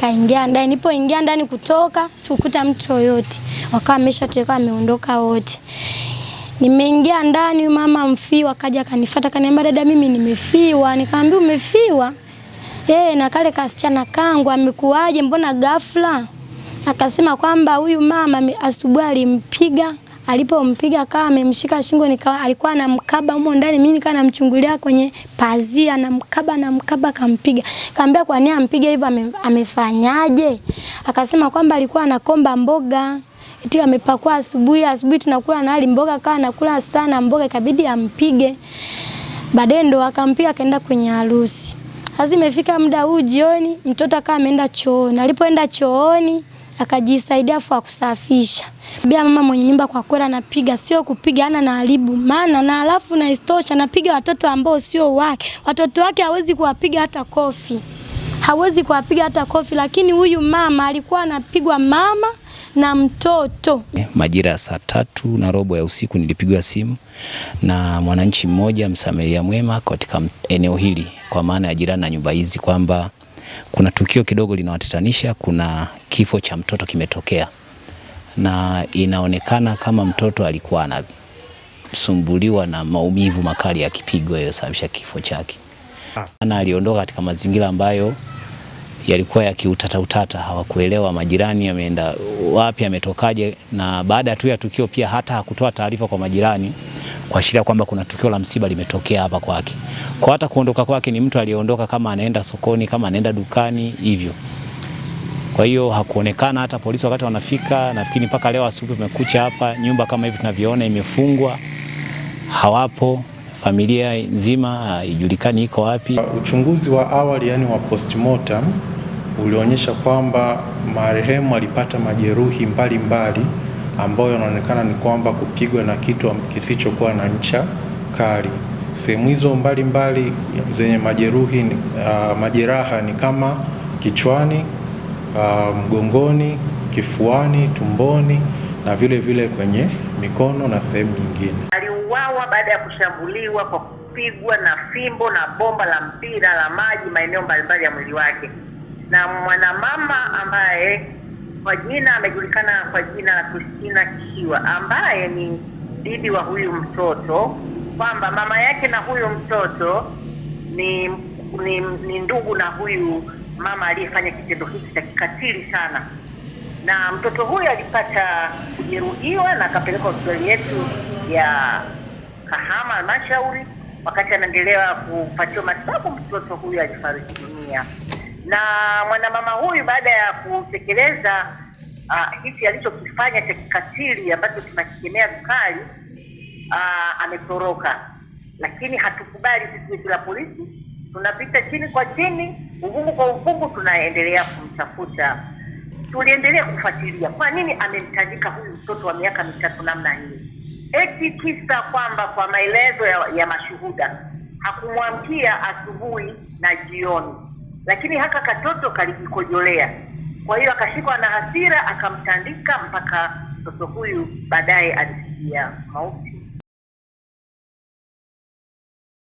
Nikaingia ndani, nilipoingia ndani kutoka sikukuta mtu yoyote, wakawa ameshatoka ameondoka wote. Nimeingia ndani, mama mfiwa kaja kanifuata, kaniambia dada, mimi nimefiwa. Nikamwambia umefiwa? Eh, na kale kasichana kangu amekuaje, mbona ghafla? Akasema kwamba huyu mama asubuhi alimpiga Alipompiga akawa amemshika shingo, nikawa alikuwa anamkaba huko ndani, mimi nikawa namchungulia kwenye pazia, na mkaba na mkaba akampiga. Kaambia kwa nini ampige hivyo, ame, amefanyaje? Akasema kwamba alikuwa anakomba mboga eti amepakua asubuhi, asubuhi tunakula na hali mboga, akawa anakula sana mboga, ikabidi ampige. Baadaye ndo akampiga akaenda kwenye harusi. Sasa imefika muda huu jioni, mtoto akawa ameenda chooni. Alipoenda chooni akajisaidia afu akusafisha. Bia mama mwenye nyumba kwa kweli anapiga, sio kupiga, ana na haribu maana, na alafu na istosha anapiga watoto ambao sio wake. Watoto wake hawezi kuwapiga hata kofi, hawezi kuwapiga hata kofi, lakini huyu mama alikuwa anapigwa mama na mtoto. Majira ya saa tatu na robo ya usiku nilipigwa simu na mwananchi mmoja msamaria mwema katika eneo hili, kwa maana ya jirani na nyumba hizi kwamba kuna tukio kidogo linawatatanisha. Kuna kifo cha mtoto kimetokea, na inaonekana kama mtoto alikuwa anasumbuliwa na maumivu makali ya kipigo yaliyosababisha kifo chake. Ah. Ana aliondoka katika mazingira ambayo yalikuwa ya kiutata utata, hawakuelewa majirani ameenda wapi, ametokaje, na baada tu ya tukio pia hata hakutoa taarifa kwa majirani kuashiria kwamba kuna tukio la msiba limetokea hapa kwake. Kwa hata kuondoka kwake ni mtu aliyeondoka kama anaenda sokoni, kama anaenda dukani hivyo. Kwa hiyo hakuonekana hata polisi wakati wanafika. Nafikiri mpaka leo asubuhi umekucha hapa, nyumba kama hivi tunavyoona imefungwa, hawapo, familia nzima haijulikani iko wapi. Uchunguzi wa awali yani wa postmortem ulionyesha kwamba marehemu alipata majeruhi mbalimbali mbali ambayo inaonekana ni kwamba kupigwa na kitu kisichokuwa na ncha kali. Sehemu hizo mbalimbali zenye majeruhi uh, majeraha ni kama kichwani, uh, mgongoni, kifuani, tumboni na vile vile kwenye mikono na sehemu nyingine. Aliuawa baada ya kushambuliwa kwa kupigwa na fimbo na bomba la mpira la maji maeneo mbalimbali ya mwili wake na mwanamama ambaye kwa jina amejulikana kwa jina la Christina Kishiwa ambaye ni bibi wa huyu mtoto, kwamba mama yake na huyu mtoto ni ni, ni ndugu na huyu mama aliyefanya kitendo hiki cha kikatili sana, na mtoto huyu alipata kujeruhiwa na akapelekwa hospitali yetu ya Kahama halmashauri. Wakati anaendelea kupatiwa matibabu, mtoto huyu alifariki dunia na mwanamama huyu baada ya kutekeleza uh, alichokifanya cha kikatili ambacho tunakikemea vikali uh, ametoroka, lakini hatukubali sisi jeshi la polisi, tunapita chini kwa chini, uvungu kwa uvungu, tunaendelea kumtafuta. Tuliendelea kufuatilia kwa nini amemtandika huyu mtoto wa miaka mitatu namna hii, eti kisa kwamba kwa maelezo ya, ya mashuhuda hakumwamkia asubuhi na jioni lakini haka katoto kalijikojolea, kwa hiyo akashikwa na hasira akamtandika mpaka mtoto huyu baadaye alifikia mauti.